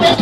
Open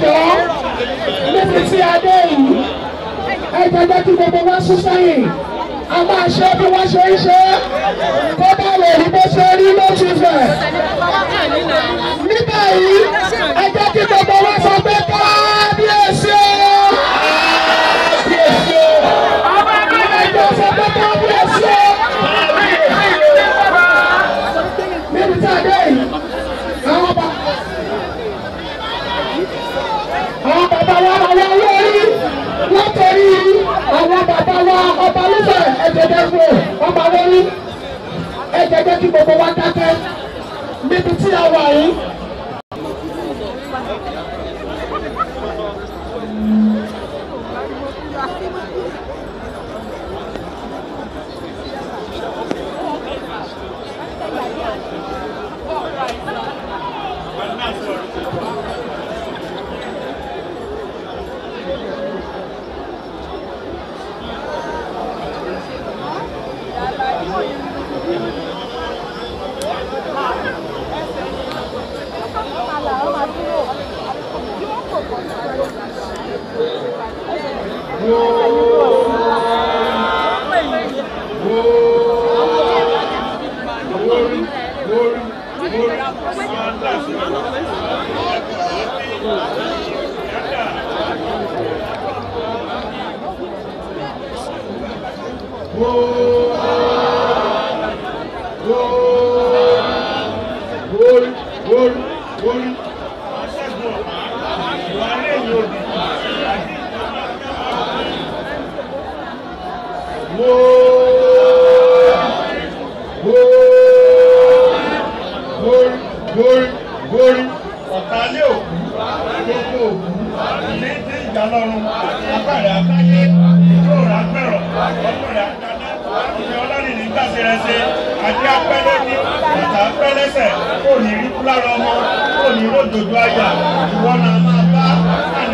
ẹ̀jọ́ níbi tí a dé yìí ẹ̀jẹ̀ jẹ́ kí gbogbo wa sún sẹ́yìn a máa ṣe bí wọ́n ṣe ń ṣe kó bá lè rí bó ṣe rí ló ti fẹ̀. níbẹ̀ yìí ẹ̀jẹ̀ kí gbogbo wa sọ pé. jẹjẹ wo ọba wọlé ẹ jẹjẹ kí gbogbo wa dákẹ́ níbi tí a wà yìí. gorí gorí ọ̀tálẹ́ òkú gbogbo òkú ilé dé ìdálọ́run apẹ̀rẹ̀ apáyé ìjọ rà gbẹ̀rọ̀ ọkùnrin àtàlẹ́ ìyẹn ọlọ́rin ní gbàsẹ̀rẹsẹ̀ àti apẹ́lẹ́ ní bàtà apẹ́lẹ́sẹ̀ kò ní rí kú lára ọmọ kò ní rójòjò àyà ìwọ náà máa bá àná.